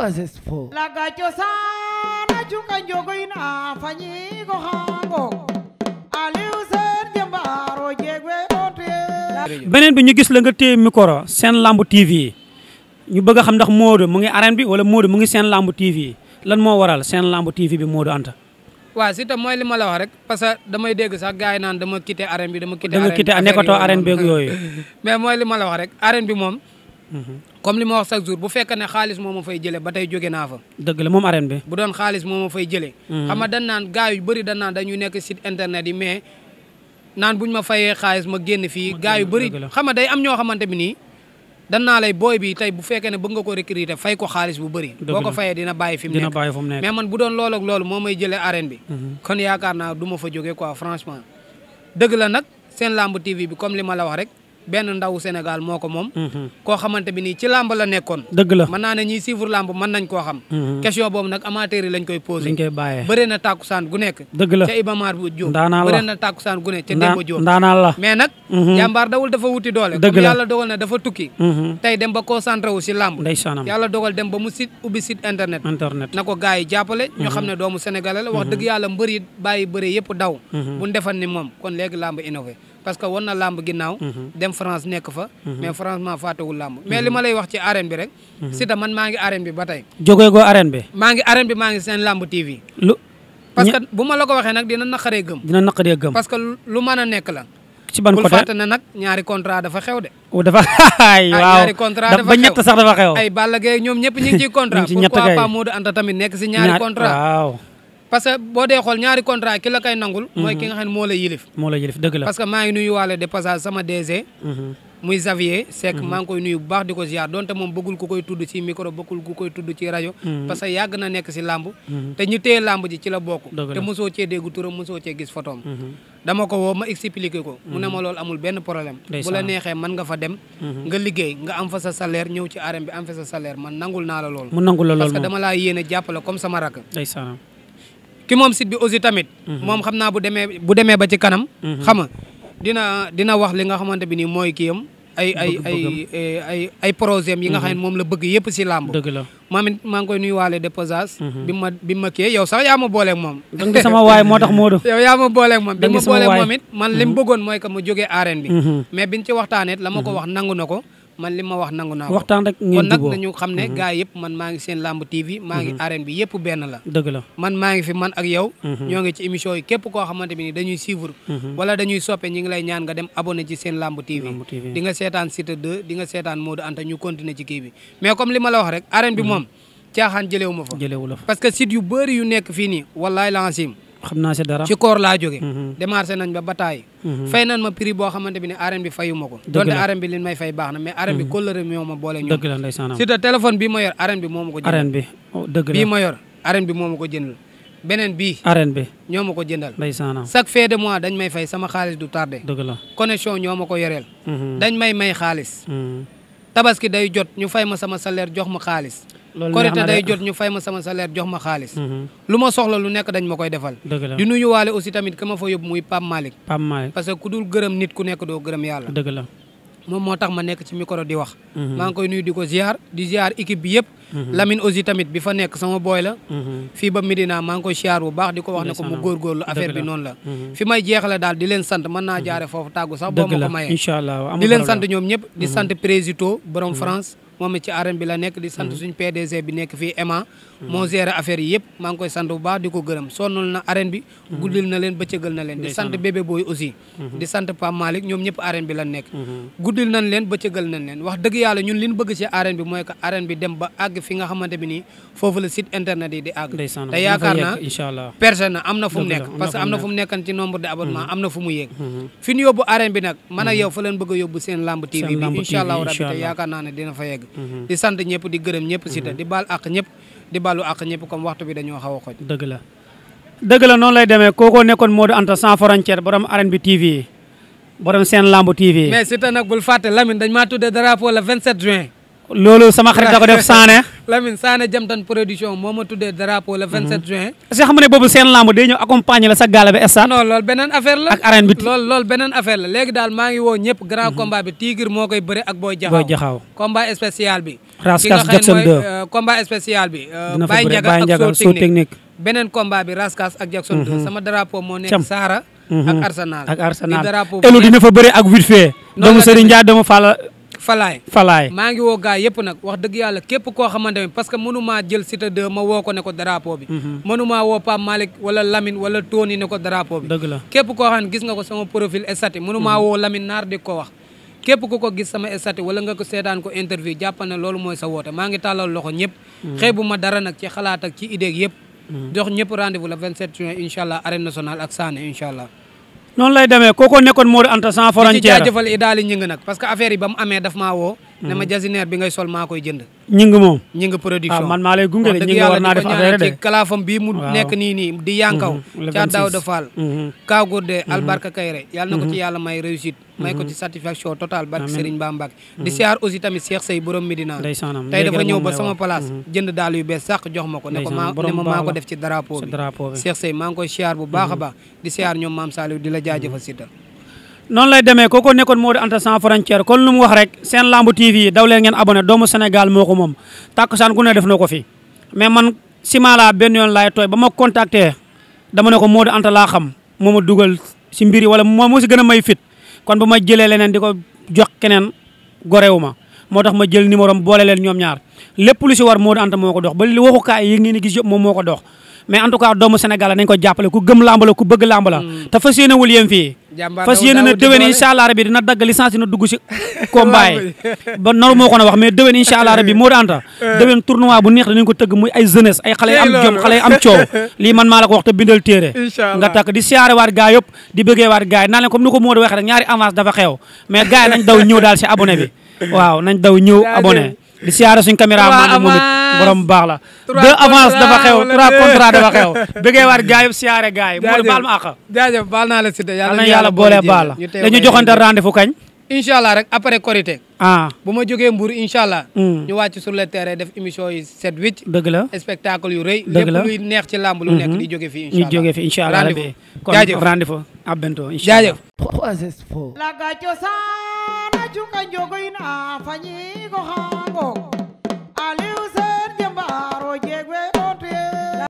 successful. Laga Josana chuka njogo inafanyiko hango. Aliuser beneen bi ñu gis la nga téye micro seen lamb TV ñu bëgg a xam ndax Modou mu ngi arène bi wala Modou mu ngi seen lamb TV lan moo waral seen lamb TV bi Modou Anta. waaw si tam mooy li ma la wax rek parce que damay dégg sax gars yi naan dama quitté arène bi dama. quitté arène bi nekkatoo arène beeg yooyu. mais mooy li ma wax rek arène bi moom. Mhm. comme li ma wax chaque jour bu fekkee ne xaalis moo ma fay jëlee ba tey jóge naa fa. dëgg la moom arène bi. bu doon xaalis moo ma fay jëlee. Hmm. xam dan naan gars yu bëri dan naan dañuy nekk site internet yi mais naan bu ñu ma fayee xaalis ma génn fii. gars yu bëri xam nga day am ñoo xamante bi nii. dan naa lay booy bi tey bu fekkee ne bëgg nga ko recruter fay ko xaalis bu bëri. boo ko fayee dina bàyyi fi mu nekk mais man bu doon loolu loolu moo may jëlee arène bi. Hmm. kon yaakaar naa du fa jógee quoi franchement. dëgg la nag seen lamb TV bi comme li ma la wax rek benn ndaw Sénégal moo ko moom. Mhm. koo xamante bi nii ci làmb la nekkoon. dëgg la mën naa ne ñiy suivre làmb mën nañ koo xam. Mhm. question boobu nag amateur lañ koy posé. lañ koy bàyyee bëre na tàkkusaan gu nekk. dëgg la ca Iba Mar bu Diop. ndaanaan la bëre na tàkkusaan gu nekk ca Demba Diop. ndaanaan la mais nag. Mhm. jàmbaar dawul dafa wuti doole. dëgg la yàlla na dafa tukki. tey dem ba concentré wu si làmb. ndeysaanam yàlla dogal dem ba mu site ubbi site internet. internet na ko gars yi jàppale. ñu xam ne doomu Sénégalais la wax dëgg yàlla mbër yi bàyyi bëre yëpp daw. bu ñu defan ni moom kon léegi làmb innové parce que won na làmb ginnaaw. Mhm. dem France nekk fa. Mhm. mais franchement fàttewul làmb. Mhm. mais li ma lay wax ci arène bi rek. Siteu man maa ngi arène bi ba tey. jógee goo arène bi. maa ngi arène bi maa ngi seen làmb TV. lu parce que bu ma la ko waxee nag dina naqaree gëm. parce que lu mën a nekk la. ci ban côté bul fàtte ne nag ñaari contrat dafa xew de. dafa ay waaw ñaari contrat dafa xew ba ñett Balla Gaye ñoom ñëpp ñu ngi contrat. ñu ngi ci ñett kay Anta tamit nekk si ñaari contrat parce que boo dee xool ñaari contrat ki la nangul. Mhm. mooy ki nga xam ne moo la yilif. moo la yilif dëgg la parce que maa ngi nuyu waale de passage sama DG. Mhm. muy Xavier Seck mhm. maa ngi koy nuyu bu baax di ko ziar donte moom bëggul ku koy tudd ci micro bëggul ku koy tudd rajo parce yàgg na nekk ci làmb te ñu téye làmb ji ci la bokk te mosoo cee dégg turam mosoo cee gis photoom dama ko woo ma expliqué ko mu ne ma loolu amul benn problème bu la neexee mën nga fa dem nga liggéey nga am fa sa salaire ñëw ci arène bi am fa sa salaire man nangul naa la loolu mu nangul la loolu parce que dama laa yéene jàppale comme sama rakk ki moom site bi aussi tamit. Mhm. moom xam naa bu demee bu demee ba ci kanam. Mhm. xam nga dina dina wax li nga xamante bi nii mooy kii am. ay ay ay ay ay projet yi nga mhm. xam ne moom la bëgg yëpp si làmb dëgg la maam it maa ngi koy nuyuwaale déposage bi ma bi ma kii yow sax yaa ma booleeg moom moo tax moo def yow yaa ma booleeg moom bi ma booleeg moom man li mu bëggoon mooy que mu jógee arène bi mais bi biñ ci waxtaanee la ma ko wax nangu no ko man li ma wax nangu naa waxtaan rek ngeen juboo kon nag nañu xam ne mhm. gars yëpp man maa ngi seen lamb TV maa ngi mhm. arène bi benn la dëgg man maa ngi fi man ak yow mhm. ñoo ngi ci émission yi képp koo xamante bi ni dañuy suivre wala dañuy soppe ñi ngi lay ñaan nga dem abonné ci seen lamb TV di nga seetaan Siteu 2 di nga seetaan Modou Anta ñu continuer ci kii bi mais comme li ma la wax rek arène bi moom caaxaan jëlewu ma fa parce que site yu bëri yu nekk fii nii wallaay lancim xam naa si dara ci koor laa jóge mm-hmm. démarché nañ ba bataay mm-hmm. fay nañ ma prix boo xamante bi ne arène bi fayu ma ko donte arène bi fay baax na mais arène bi mm-hmm. kóllëre mi moo ma boole ñoom dëgg la ndeysaan surtout téléphone bii bi moo ko jëndal arène bi oh, dëgg la bii ma ma ko jëndal beneen bii arène bi ñoo ma de mois dañ may fay sama xaalis du tardé dëgg la connexion ñoo ma ko yoreel dañ may may xaalis tabaski day jot ñu fay ma sama salaire jox ma xaalis korite day jot ñu fay ma sama salaire jox ma xaalis mhm. lu ma soxla lu nekk dañ ma koy defal di nuyu waale aussi tamit ka ma fa yóbbu muy Pape Malick Pape ku dul gërëm nit ku nekk doo gërëm yàlla dëgg la moom moo tax ma nekk ci micro di wax mhm. maa ngi koy nuyu di ko ziar di ziar équipe bi yëpp mhm. Lamine aussi tamit bi fa nekk sama booy la fii ba Medina maa ngi koy ziar bu baax di ko wax ne ko mu góorgóorlu affaire bi noonu la fi may jeexale daal di leen sant mën naa jaare foofu tàggu boo ma ko mayee di leen sant ñoom ñëpp di sant président borom France moom it ci arène bi la nekk di sant mm-hmm. suñ PDG bi nekk fii Ema mm-hmm. moo géré affaire yi yëpp maa ngi koy sant bu baax di ko gërëm sonnul na arène bi mm-hmm. guddil na leen bëccëgal na leen wax dëgg yàlla ñun li ñu bëgg ci arène bi mooy que arène bi dem ba àgg fi nga xamante bi nii foofu la site internet yi di àgg te yaakaar naa personne am na fa yegg Mm-hmm. di sant ñëpp di gërëm ñëpp Siteu mm-hmm. di baal àq ñëpp di baalu àq ñëpp comme waxtu bi dañoo xaw a xoj dëgg la dëgg la noonu lay demee kookoo nekkoon Modou Anta san frontière borom arène bi TV borom seen lamb TV mais Siteu nag bul fàtte Lamine dañ maa tuddee drapeau le 27 juin loolu sama xarit da ko def Sané. Lamine Sané jamtan production moo a tuddee drapeau le 27 mhm. juin. si xam ne boobu seen lamb day ñëw accompagner la sa gaale bi stade. non loolu beneen affaire la ak daal maa ngi woo ñëpp grand mhm. combat bi Tigre moo koy bëre ak Boy Jaxaw. Boy Jaxaw bi. Raskas Jackson 2 ki nga xam ne mooy euh, combat euh, technique beneen combat bi Raskas ak Jackson 2 mhm. sama drapeau moo nekk Sahara. ak Arsenal ak Arsenal. falaay falaay maa ngi woo gaa yëpp nag wax dëgg yàlla képp koo xamante ne parce que mënumaa jël Siteu 2 ma woo ko ne ko drapeau bi mhm. mënumaa woo Pape Malick wala Lamine wala Tony ne ko drapeau bi dëgg la képp koo xam ne gis nga ko sama profil estati mënumaa mhm. woo Lamine naar di ko wax képp ku ko gis sama estati wala nga ko seetaan ko interview jàppal na loolu mooy sa woote maa ngi tàllal loxo ñëpp mhm. xeebu ma dara nag ci xalaat ci idée yëpp jox ñëpp rendez-vous le 27 juin incha allah arène nationale ak Sané noonu lay demee kooko nekkoon Mor Anta sans frontière di ci jaajëfal Idaali ñi ngi nag parce que affaire yi ba amee daf maa woo ne ma mhm. jasinaire bi ngay sol maa koy jënd ñi ngi moom ñi ngi production ah, man maa lay gunge de ñi ngi war naa def affaire de ci kalaafam nii di yankaw mhm. ca Daouda Fall mhm. Kaw Gourdé Albarka Kayre yàlla yàlla may réussite may ko ci satisfaction totale barke Serigne Bamba di siyaar aussi tamit Cheikh borom Medina tey dafa ñëw ba sama place jënd daal yu bees sax jox ma ko ne ko maa ma maa ko def ci drapeau bi Cheikh Sey maa ngi koy siyaar bu baax a baax di siyaar ñoom Maam Saliou di la jaajëfal si noonu lay demee kooku nekkoon moo di Anta sans frontière kon lu mu wax rek seen lambu TV yi daw ngeen abonné doomu Sénégal moo ko moom tàkkusaan saan ne def na ko fi mais man si simaala benn yoon laay tooy ba ma contacter dama ne ko moo di Anta laa xam moo ma dugal si mbir yi wala moo moo si gën a may fit kon bu ma jëlee leneen di ko jox keneen gorewu ma moo tax ma jël numéro am boole leen ñoom ñaar lépp lu si war moo di Anta moo ko dox ba li waxukaay yi ngeen di gis moom moo ko dox mais en tout cas doomu Sénégal nañ ko jàppale ku gëm làmb la ku bëgg làmb la hmm. te fas yéene wul yem fii fas yéene na déwén incha allah rabi dina dagg licence dina dugg si combat ba naru ko na wax mais déwén incha allah rabi moo di anta eh. déwén tournoi bu neex danañ ko tëgg muy ay jeunesse ay xale am jom xale ko wax te bindal téere nga takk di siyaare waat gaay yëpp di bëggee waat gaay naa leen comme ni ko moo di waxee rek ñaari avance dafa xew mais gaay nañ daw ñëw daal si abonné bi waaw nañ daw ñëw abonné di siyaare suñ caméraman moom it borom baax la deux avance dafa xew trois contrat dafa xew bëggee waat gars siyaare gars yi mooy baal ma àq jaajëf baal naa la si de yàlla na yàlla boolee baal la dañu joxante rendez kañ incha rek après korité ah. bu ma jógee Mbour incha hmm. ñu wàcc sur le terrain def émission yi sept huit dëgg la spectacle yu rëy lépp luy neex ci làmb lu nekk hmm. di jógee fi incha allah ñu jógee fi incha allah rendez Machuca yo goina afanyiko hango